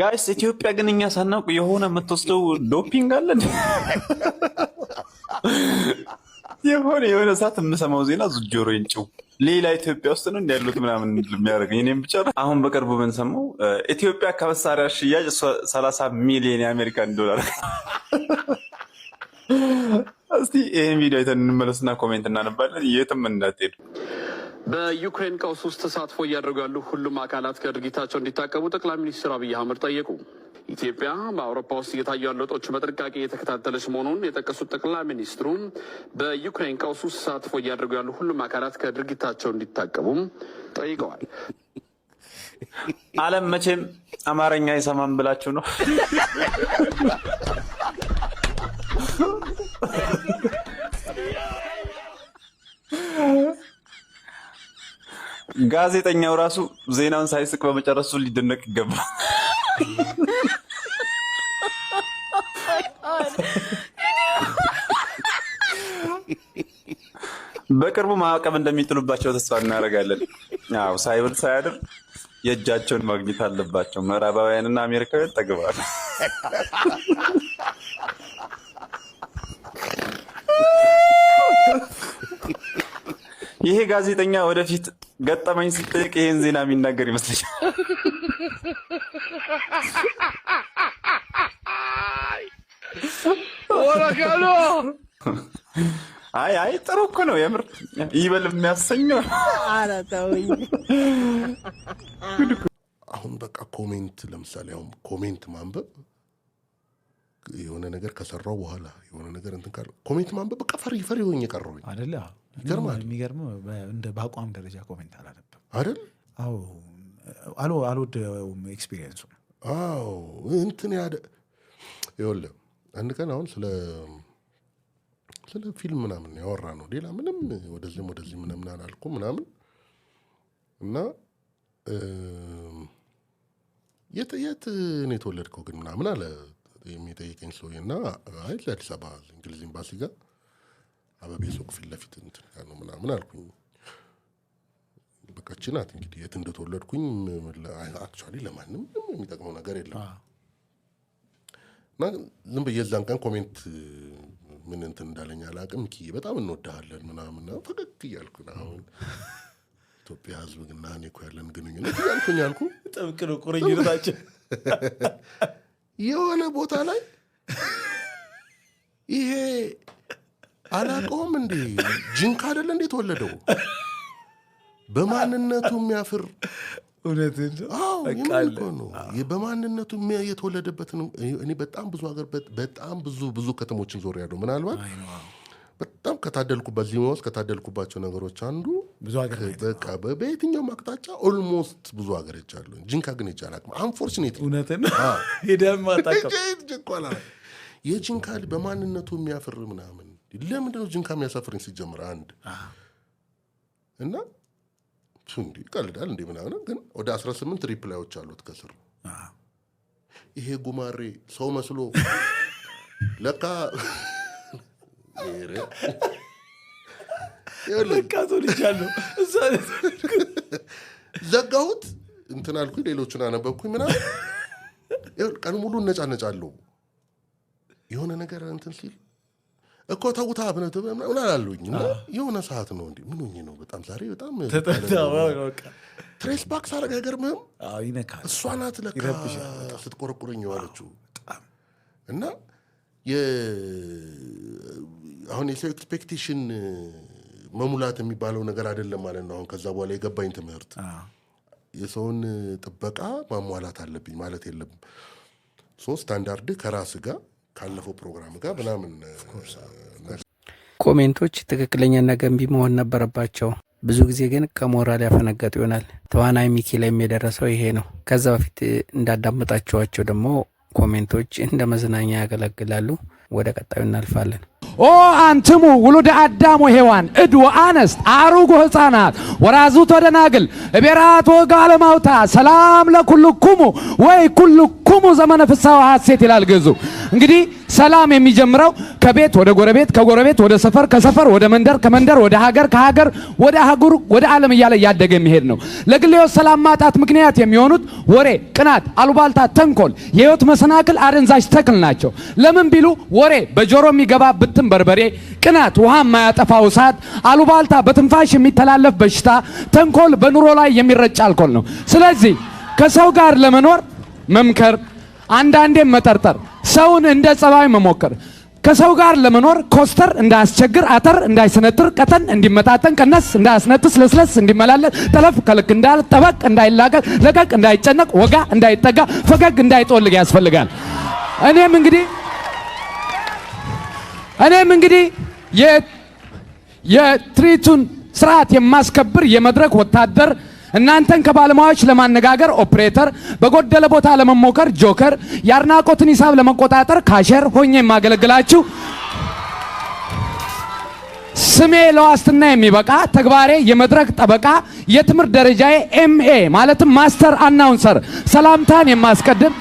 ጋይስ ኢትዮጵያ ግን እኛ ሳናውቅ የሆነ የምትወስደው ዶፒንግ አለን። የሆነ የሆነ ሰዓት የምሰማው ዜና ዙጆሮ ጭው ሌላ ኢትዮጵያ ውስጥ ነው እንዲያሉት ምናምን የሚያደርገኝ እኔም ብቻ። አሁን በቅርቡ የምንሰማው ኢትዮጵያ ከመሳሪያ ሽያጭ ሰላሳ ሚሊዮን የአሜሪካን ዶላር። እስቲ ይህን ቪዲዮ አይተን እንመለስና ኮሜንት እናነባለን። የትም እንዳትሄዱ። በዩክሬን ቀውስ ውስጥ ተሳትፎ እያደረጉ ያሉ ሁሉም አካላት ከድርጊታቸው እንዲታቀቡ ጠቅላይ ሚኒስትር አብይ አህመድ ጠየቁ። ኢትዮጵያ በአውሮፓ ውስጥ እየታዩ ያሉ ለውጦች በጥንቃቄ እየተከታተለች መሆኑን የጠቀሱት ጠቅላይ ሚኒስትሩ በዩክሬን ቀውስ ውስጥ ተሳትፎ እያደረጉ ያሉ ሁሉም አካላት ከድርጊታቸው እንዲታቀቡም ጠይቀዋል። ዓለም መቼም አማርኛ አይሰማም ብላችሁ ነው። ጋዜጠኛው ራሱ ዜናውን ሳይስቅ በመጨረሱ ሊደነቅ ይገባል። በቅርቡ ማዕቀብ እንደሚጥሉባቸው ተስፋ እናደርጋለን። አዎ ሳይብል ሳያድር የእጃቸውን ማግኘት አለባቸው። ምዕራባውያንና አሜሪካውያን ጠግበዋል። ይሄ ጋዜጠኛ ወደፊት ገጠመኝ ስትጠይቅ ይሄን ዜና የሚናገር ይመስለኛል። አይ አይ ጥሩ እኮ ነው የምር ይበል የሚያሰኘው። አሁን በቃ ኮሜንት ለምሳሌ አሁን ኮሜንት ማንበብ የሆነ ነገር ከሰራው በኋላ የሆነ ነገር እንትን ካለ ኮሜንት ማንበብ በቃ ፈሪ ፈሪ ሆኜ የቀረሁኝ አይደለ። ይገርማል። እንደ በአቋም ደረጃ ኮሜንት አላነብም አደል? አዎ፣ አሎ አልወደውም ኤክስፒሪየንሱ። አዎ፣ እንትን ያደ ይወለ አንድ ቀን አሁን ስለ ስለ ፊልም ምናምን ያወራ ነው። ሌላ ምንም ወደዚህም ወደዚህ ምናምን አላልኩ ምናምን እና የት የት ነው የተወለድከው ግን ምናምን አለ የሚጠይቀኝ ሰውዬ እና አይ ለአዲስ አበባ እንግሊዝ ኤምባሲ ጋር አበቤ ሱቅ ፊት ለፊት እንትን ጋር ነው ምናምን አልኩኝ። በቃች ናት እንግዲህ የት እንደተወለድኩኝ አክቹዋሊ ለማንም የሚጠቅመው ነገር የለም። እና ዝም የዛን ቀን ኮሜንት ምን እንትን እንዳለኝ አላውቅም። ኪ በጣም እንወዳሃለን ምናምን ፈገግ እያልኩ አሁን ኢትዮጵያ ህዝብ ግና እኔ እኮ ያለን ግንኙነት እያልኩኝ አልኩ ጥብቅ ነው ቁርኝነታችን የሆነ ቦታ ላይ ይሄ አላቀውም እንዴ ጅንካ አደለ እንዴ ተወለደው በማንነቱ የሚያፍር እውነትን በማንነቱ የተወለደበትን እኔ በጣም ብዙ ሀገር በጣም ብዙ ብዙ ከተሞችን ዞር ያለው ምናልባት በጣም ከታደልኩባት ሊማ ውስጥ ከታደልኩባቸው ነገሮች አንዱ ብዙ በቃ በየትኛውም አቅጣጫ ኦልሞስት ብዙ ሀገር ሄጃለሁ። ጂንካ ግን ይቻል አቅም አንፎርችኔት እውነትን የጂንካ በማንነቱ የሚያፍር ምናምን ለምንድነው ነው ጂንካ የሚያሳፍርኝ ሲጀምር አንድ እና እንዲ ቀልዳል እንዲ ምናምን ግን ወደ 18 ሪፕላዮች አሉት ከስር ይሄ ጉማሬ ሰው መስሎ ለካ ዘጋሁት። እንትን አልኩኝ፣ ሌሎቹን አነበብኩኝ ምናምን ቀኑ ሙሉ እነጫነጫለሁ። የሆነ ነገር እንትን ሲል እኮ ተውታ ብነት ምናምን አላሉኝ እና የሆነ ሰዓት ነው እንዲ ምን ነው በጣም ዛሬ በጣም ትሬስ ባክ ሳረግ አይገርምህም? እሷ ናት ለካ ስትቆረቁረኝ የዋለችው እና አሁን የሰው ኤክስፔክቴሽን መሙላት የሚባለው ነገር አይደለም ማለት ነው። አሁን ከዛ በኋላ የገባኝ ትምህርት የሰውን ጥበቃ ማሟላት አለብኝ ማለት የለም ሶስት ስታንዳርድ ከራስ ጋር ካለፈው ፕሮግራም ጋር ምናምን ኮሜንቶች ትክክለኛና ገንቢ መሆን ነበረባቸው። ብዙ ጊዜ ግን ከሞራል ያፈነገጡ ይሆናል። ተዋናይ ሚኪ ላይም የደረሰው ይሄ ነው። ከዛ በፊት እንዳዳመጣቸዋቸው ደግሞ ኮሜንቶች እንደ መዝናኛ ያገለግላሉ። ወደ ቀጣዩ እናልፋለን። ኦ አንትሙ ውሉደ አዳም ወሔዋን እድ ወአነስት አሩጎ ህፃናት ወራዙት ወደናግል እቤራት ወእግሃ ለማውታ ሰላም ለኩልኩሙ ወይ ኩልኩሙ ዘመነ ፍሳው ወሐሴት ይላል ግዙ። እንግዲህ ሰላም የሚጀምረው ከቤት ወደ ጎረቤት፣ ከጎረቤት ወደ ሰፈር፣ ከሰፈር ወደ መንደር፣ ከመንደር ወደ ሀገር፣ ከሀገር ወደ አህጉር፣ ወደ ዓለም እያለ እያደገ የሚሄድ ነው። ለግሌዎች ሰላም ማጣት ምክንያት የሚሆኑት ወሬ፣ ቅናት፣ አሉባልታ፣ ተንኮል፣ የህይወት መሰናክል አደንዛዥ ተክል ናቸው። ለምን ቢሉ ወሬ በጆሮ የሚገባ ሽንትም በርበሬ፣ ቅናት፣ ውሃ የማያጠፋው እሳት፣ አሉባልታ፣ በትንፋሽ የሚተላለፍ በሽታ፣ ተንኮል፣ በኑሮ ላይ የሚረጭ አልኮል ነው። ስለዚህ ከሰው ጋር ለመኖር መምከር፣ አንዳንዴም መጠርጠር፣ ሰውን እንደ ጸባይ መሞከር ከሰው ጋር ለመኖር ኮስተር እንዳያስቸግር፣ አጠር እንዳይሰነጥር፣ ቀጠን እንዲመጣጠን፣ ቀነስ እንዳያስነጥስ፣ ለስለስ እንዲመላለስ፣ ጠለፍ ከልክ እንዳል፣ ጠበቅ እንዳይላቀቅ፣ ለቀቅ እንዳይጨነቅ፣ ወጋ እንዳይጠጋ፣ ፈገግ እንዳይጦልግ ያስፈልጋል። እኔም እንግዲህ እኔም እንግዲህ የትርኢቱን ስርዓት የማስከብር የመድረክ ወታደር እናንተን ከባለሙያዎች ለማነጋገር ኦፕሬተር፣ በጎደለ ቦታ ለመሞከር ጆከር፣ የአድናቆትን ሂሳብ ለመቆጣጠር ካሸር ሆኜ የማገለግላችሁ ስሜ ለዋስትና የሚበቃ ተግባሬ የመድረክ ጠበቃ፣ የትምህርት ደረጃዬ ኤምኤ ማለትም ማስተር አናውንሰር፣ ሰላምታን የማስቀድም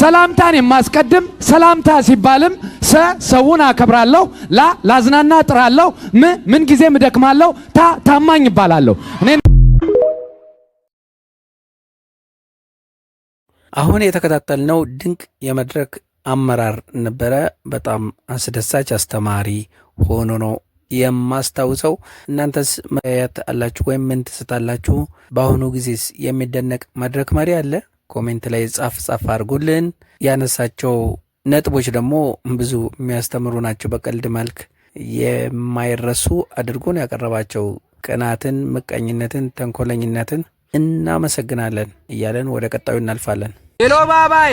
ሰላምታን የማስቀድም ሰላምታ ሲባልም ሰ ሰውን አከብራለሁ፣ ላ ላዝናና ጥራለሁ፣ ም ምን ጊዜም እደክማለሁ፣ ታ ታማኝ እባላለሁ። አሁን የተከታተልነው ድንቅ የመድረክ አመራር ነበረ። በጣም አስደሳች አስተማሪ ሆኖ ነው የማስታውሰው። እናንተስ መያት አላችሁ ወይም ምን ትስታላችሁ? በአሁኑ ጊዜስ የሚደነቅ መድረክ መሪ አለ? ኮሜንት ላይ ጻፍ ጻፍ አድርጉልን። ያነሳቸው ነጥቦች ደግሞ ብዙ የሚያስተምሩ ናቸው። በቀልድ መልክ የማይረሱ አድርጎን ያቀረባቸው ቅናትን፣ ምቀኝነትን፣ ተንኮለኝነትን እናመሰግናለን እያለን ወደ ቀጣዩ እናልፋለን። ሄሎ ባባይ፣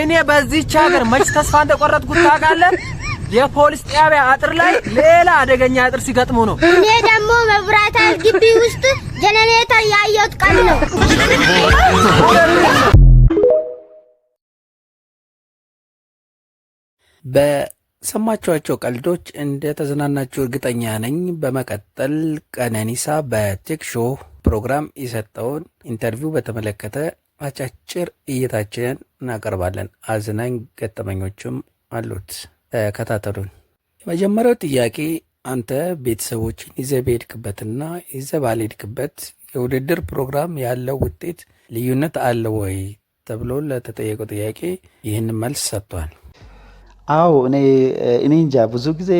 እኔ በዚች ሀገር መች ተስፋ እንደቆረጥኩት ታውቃለህ? የፖሊስ ጣቢያ አጥር ላይ ሌላ አደገኛ አጥር ሲገጥሙ ነው። እኔ ደግሞ መብራት ግቢ ውስጥ ጀነሬተር ያየሁት ቀን ነው። በሰማችኋቸው ቀልዶች እንደተዝናናችሁ እርግጠኛ ነኝ። በመቀጠል ቀነኒሳ በቴክ ፕሮግራም የሰጠውን ኢንተርቪው በተመለከተ አጫጭር እይታችንን እናቀርባለን። አዝናኝ ገጠመኞችም አሉት። ተከታተሉን። የመጀመሪያው ጥያቄ አንተ ቤተሰቦችን ይዘህ በሄድክበትና ይዘህ ባልሄድክበት የውድድር ፕሮግራም ያለው ውጤት ልዩነት አለ ወይ ተብሎ ለተጠየቀው ጥያቄ ይህን መልስ ሰጥቷል። አዎ እኔ እኔ እንጃ ብዙ ጊዜ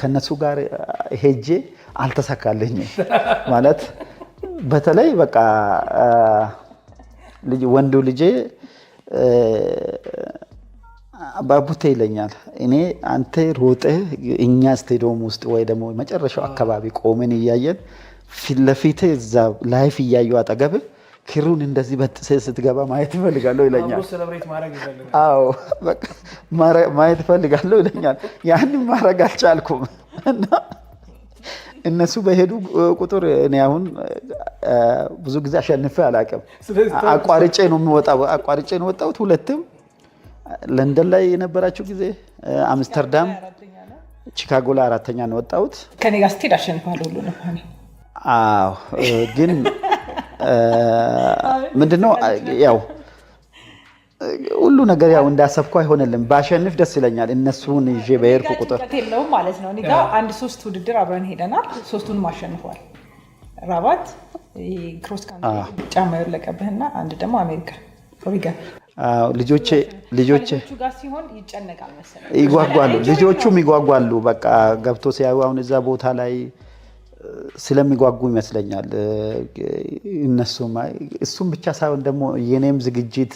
ከነሱ ጋር ሄጄ አልተሳካልኝም። ማለት በተለይ በቃ ወንዱ ልጄ ባቡቴ ይለኛል። እኔ አንተ ሮጠህ እኛ ስቴዲየም ውስጥ ወይ ደግሞ መጨረሻው አካባቢ ቆምን እያየን ፊት ለፊት እዛ ላይፍ እያዩ አጠገብህ ክሩን እንደዚህ በጥሰ ስትገባ ማየት እፈልጋለሁ ይለኛል። አዎ ማየት እፈልጋለሁ ይለኛል። ያንን ማድረግ አልቻልኩም እና እነሱ በሄዱ ቁጥር እኔ አሁን ብዙ ጊዜ አሸንፌ አላውቅም። አቋርጬ ነው የምወጣው። አቋርጬ ነው ወጣሁት። ሁለትም ለንደን ላይ የነበራቸው ጊዜ አምስተርዳም፣ ቺካጎ ላይ አራተኛ ነው ወጣሁት። ከኔ ጋር ስትሄድ አሸንፋለሁ ሁሉንም። አዎ ግን ምንድነው ያው ሁሉ ነገር ያው እንዳሰብኩ አይሆንልም። ባሸንፍ ደስ ይለኛል። እነሱን ይዤ በሄድኩ ቁጥር የለውም ማለት ነው። እኔ ጋ አንድ ሶስት ውድድር አብረን ሄደናል። ሶስቱንም አሸንፏል። ራባት ክሮስ ካንትሪ ጫማ የወለቀብህና አንድ ደግሞ አሜሪካ ኦሪገን ልጆቼ ልጆቼ ይጓጓሉ፣ ልጆቹም ይጓጓሉ። በቃ ገብቶ ሲያዩ አሁን እዛ ቦታ ላይ ስለሚጓጉ ይመስለኛል። እነሱ እሱም ብቻ ሳይሆን ደግሞ የኔም ዝግጅት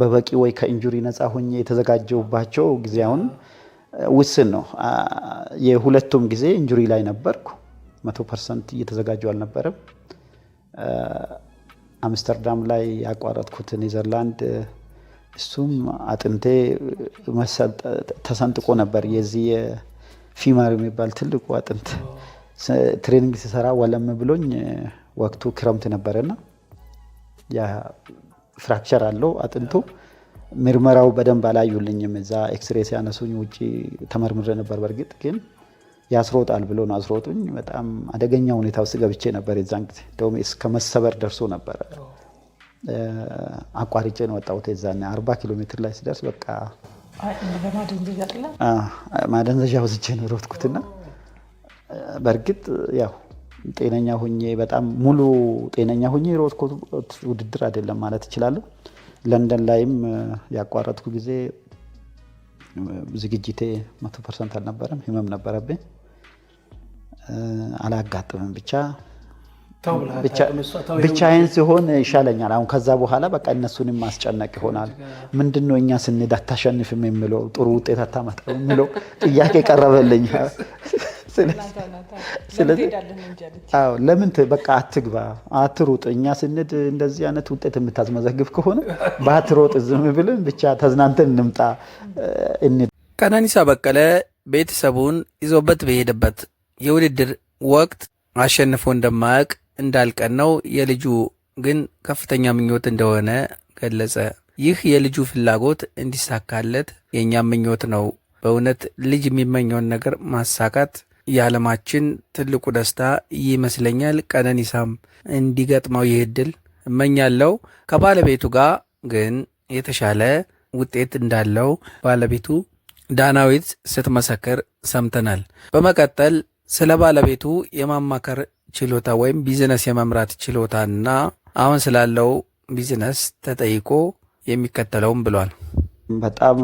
በበቂ ወይ ከኢንጁሪ ነፃ ሆኜ የተዘጋጀውባቸው ጊዜ አሁን ውስን ነው። የሁለቱም ጊዜ ኢንጁሪ ላይ ነበርኩ። መቶ ፐርሰንት እየተዘጋጁ አልነበረም። አምስተርዳም ላይ ያቋረጥኩት ኔዘርላንድ እሱም አጥንቴ ተሰንጥቆ ነበር። የዚህ ፊማር የሚባል ትልቁ አጥንት ትሬኒንግ ሲሰራ ወለም ብሎኝ ወቅቱ ክረምት ነበረና ፍራክቸር አለው አጥንቱ። ምርመራው በደንብ አላዩልኝም። እዛ ኤክስሬ ሲያነሱኝ ውጭ ተመርምረ ነበር። በእርግጥ ግን ያስሮጣል ብሎ ነው አስሮጡኝ። በጣም አደገኛ ሁኔታ ውስጥ ገብቼ ነበር። የዛን ጊዜ እንደውም እስከ መሰበር ደርሶ ነበረ። አቋርጬ ነው ወጣሁት። የዛን አርባ ኪሎ ሜትር ላይ ሲደርስ በቃ ማደንዘዣ ውስቼ ነው ሮትኩትና በእርግጥ ያው ጤነኛ ሁኜ በጣም ሙሉ ጤነኛ ሁኜ የሮጥኩት ውድድር አይደለም ማለት እችላለሁ። ለንደን ላይም ያቋረጥኩ ጊዜ ዝግጅቴ መቶ ፐርሰንት አልነበረም። ህመም ነበረብኝ። አላጋጥምም ብቻ ብቻዬን ሲሆን ይሻለኛል። አሁን ከዛ በኋላ በቃ እነሱንም ማስጨነቅ ይሆናል። ምንድን ነው እኛ ስንሄድ አታሸንፍም የሚለው ጥሩ ውጤት አታመጣም የሚለው ጥያቄ ቀረበልኝ። ለምን በቃ አትግባ፣ አትሩጥ። እኛ ስንድ እንደዚህ አይነት ውጤት የምታስመዘግብ ከሆነ ባትሮጥ ዝም ብልን ብቻ ተዝናንተን እንምጣ። ቀነኒሳ በቀለ ቤተሰቡን ይዞበት በሄደበት የውድድር ወቅት አሸንፎ እንደማያውቅ ነው የልጁ ግን ከፍተኛ ምኞት እንደሆነ ገለጸ። ይህ የልጁ ፍላጎት እንዲሳካለት የእኛም ምኞት ነው። በእውነት ልጅ የሚመኘውን ነገር ማሳካት የዓለማችን ትልቁ ደስታ ይመስለኛል። ቀነኒሳም እንዲገጥመው ይህ እድል እመኛለሁ። ከባለቤቱ ጋር ግን የተሻለ ውጤት እንዳለው ባለቤቱ ዳናዊት ስትመሰክር ሰምተናል። በመቀጠል ስለ ባለቤቱ የማማከር ችሎታ ወይም ቢዝነስ የመምራት ችሎታና አሁን ስላለው ቢዝነስ ተጠይቆ የሚከተለውም ብሏል። በጣም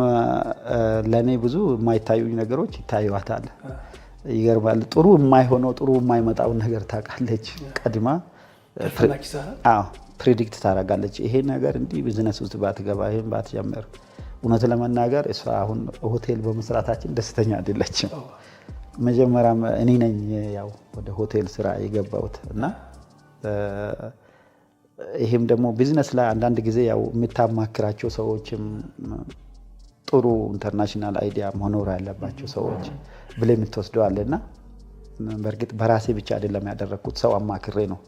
ለእኔ ብዙ የማይታዩኝ ነገሮች ይታዩዋታል። ይገርማል። ጥሩ የማይሆነው ጥሩ የማይመጣውን ነገር ታውቃለች ቀድማ ፕሪዲክት ታደርጋለች። ይሄ ነገር እንዲህ ቢዝነስ ውስጥ ባትገባ ይህም ባትጀምር። እውነት ለመናገር እሷ አሁን ሆቴል በመስራታችን ደስተኛ አይደለችም። መጀመሪያም እኔ ነኝ ያው ወደ ሆቴል ስራ የገባሁት እና ይህም ደግሞ ቢዝነስ ላይ አንዳንድ ጊዜ ያው የምታማክራቸው ሰዎችም ጥሩ ኢንተርናሽናል አይዲያ መኖር ያለባቸው ሰዎች ብለ የምትወስደዋል እና በእርግጥ በራሴ ብቻ አይደለም ያደረግኩት፣ ሰው አማክሬ ነው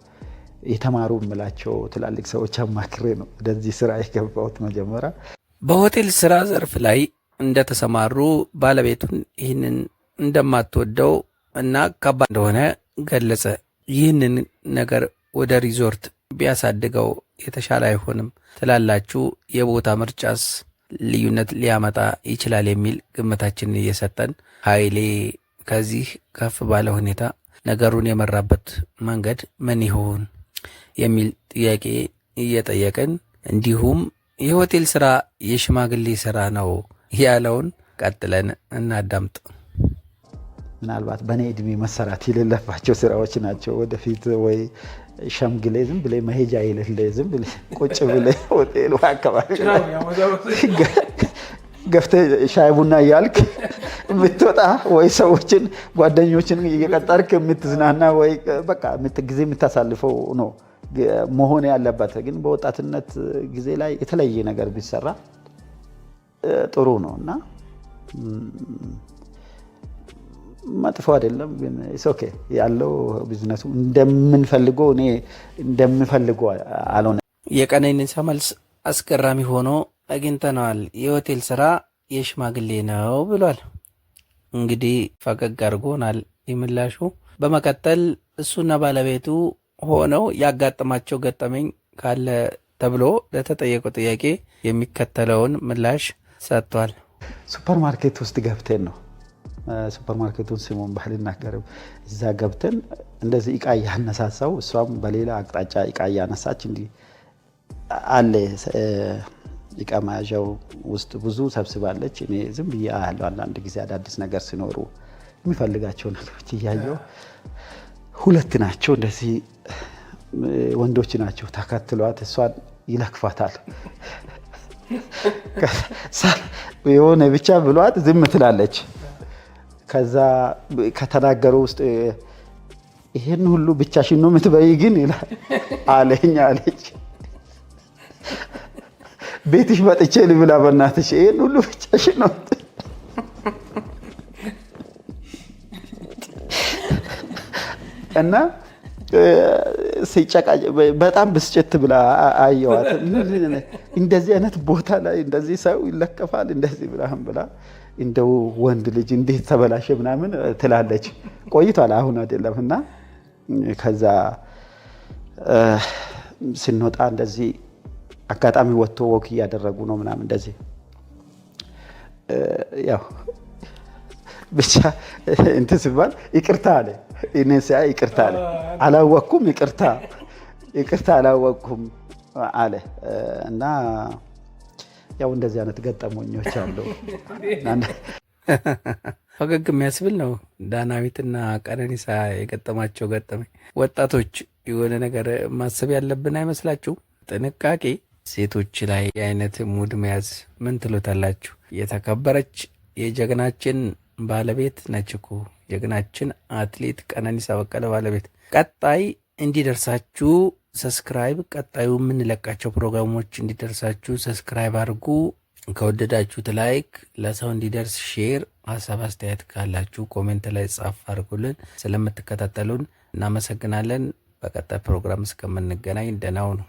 የተማሩ የምላቸው ትላልቅ ሰዎች አማክሬ ነው ወደዚህ ስራ የገባሁት። መጀመሪያ በሆቴል ስራ ዘርፍ ላይ እንደተሰማሩ ባለቤቱን ይህንን እንደማትወደው እና ከባድ እንደሆነ ገለጸ። ይህንን ነገር ወደ ሪዞርት ቢያሳድገው የተሻለ አይሆንም ትላላችሁ? የቦታ ምርጫስ ልዩነት ሊያመጣ ይችላል የሚል ግምታችንን እየሰጠን ኃይሌ ከዚህ ከፍ ባለ ሁኔታ ነገሩን የመራበት መንገድ ምን ይሆን የሚል ጥያቄ እየጠየቅን እንዲሁም የሆቴል ስራ የሽማግሌ ስራ ነው ያለውን ቀጥለን እናዳምጥ። ምናልባት በእኔ እድሜ መሰራት የሌለባቸው ስራዎች ናቸው ወደፊት ወይ ሸምግሌ ዝም ብለህ መሄጃ የሌለ ዝም ብለህ ቁጭ ብለህ ሆቴል አካባቢ ገፍተህ ሻይ ቡና እያልክ የምትወጣ ወይ ሰዎችን ጓደኞችን እየቀጠርክ የምትዝናና ወይ በቃ ጊዜ የምታሳልፈው ነው መሆን ያለበት። ግን በወጣትነት ጊዜ ላይ የተለየ ነገር ቢሰራ ጥሩ ነው እና መጥፎ አይደለም፣ ግን ኦኬ ያለው ቢዝነሱ እንደምንፈልገው እኔ እንደምፈልገው አልሆነ። የቀነኒሳ መልስ አስገራሚ ሆኖ አግኝተነዋል። የሆቴል ስራ የሽማግሌ ነው ብሏል። እንግዲህ ፈገግ አድርጎናል የምላሹ። በመቀጠል እሱና ባለቤቱ ሆነው ያጋጠማቸው ገጠመኝ ካለ ተብሎ ለተጠየቀው ጥያቄ የሚከተለውን ምላሽ ሰጥቷል። ሱፐርማርኬት ውስጥ ገብቴን ነው ሱፐርማርኬቱን ስሙን ባህል ይናገርም እዛ ገብተን እንደዚህ እቃ እያነሳሳው እሷም በሌላ አቅጣጫ እቃ እያነሳች እንዲ አለ እቃ መያዣው ውስጥ ብዙ ሰብስባለች። እኔ ዝም ብዬ አያለሁ። አንዳንድ ጊዜ አዳዲስ ነገር ሲኖሩ የሚፈልጋቸው ነገሮች እያየው ሁለት ናቸው እንደዚህ ወንዶች ናቸው። ተከትሏት እሷን ይለክፋታል። የሆነ ብቻ ብሏት ዝም ትላለች። ከዛ ከተናገሩ ውስጥ ይህን ሁሉ ብቻሽን ነው የምትበይ ግን አለኝ አለች። ቤትሽ መጥቼ ልብላ በእናትሽ ይህን ሁሉ ብቻሽን ነው እና ሲጨቃጭ በጣም ብስጭት ብላ አየዋት። እንደዚህ አይነት ቦታ ላይ እንደዚህ ሰው ይለከፋል እንደዚህ ብላህም ብላ እንደው ወንድ ልጅ እንዴት ተበላሸ ምናምን ትላለች። ቆይቷል፣ አሁን አይደለም እና ከዛ ስንወጣ እንደዚህ አጋጣሚ ወጥቶ ወክ እያደረጉ ነው ምናምን እንደዚህ ያው ብቻ እንት ሲባል ይቅርታ አለ። እኔ ሲያ ይቅርታ አለ። አላወቅኩም፣ ይቅርታ ይቅርታ አላወቅኩም አለ እና ያው እንደዚህ አይነት ገጠመኞች አሉ። ፈገግ የሚያስብል ነው። ዳናዊትና ቀነኒሳ የገጠማቸው ገጠመኝ። ወጣቶች የሆነ ነገር ማሰብ ያለብን አይመስላችሁ? ጥንቃቄ ሴቶች ላይ የአይነት ሙድ መያዝ ምን ትሎታላችሁ? የተከበረች የጀግናችን ባለቤት ነች እኮ ጀግናችን አትሌት ቀነኒሳ በቀለ ባለቤት። ቀጣይ እንዲደርሳችሁ ሰብስክራይብ፣ ቀጣዩ የምንለቃቸው ፕሮግራሞች እንዲደርሳችሁ ሰብስክራይብ አድርጉ። ከወደዳችሁት ላይክ፣ ለሰው እንዲደርስ ሼር። ሀሳብ አስተያየት ካላችሁ ኮሜንት ላይ ጻፍ አድርጉልን። ስለምትከታተሉን እናመሰግናለን። በቀጣይ ፕሮግራም እስከምንገናኝ ደህና ሁኑ።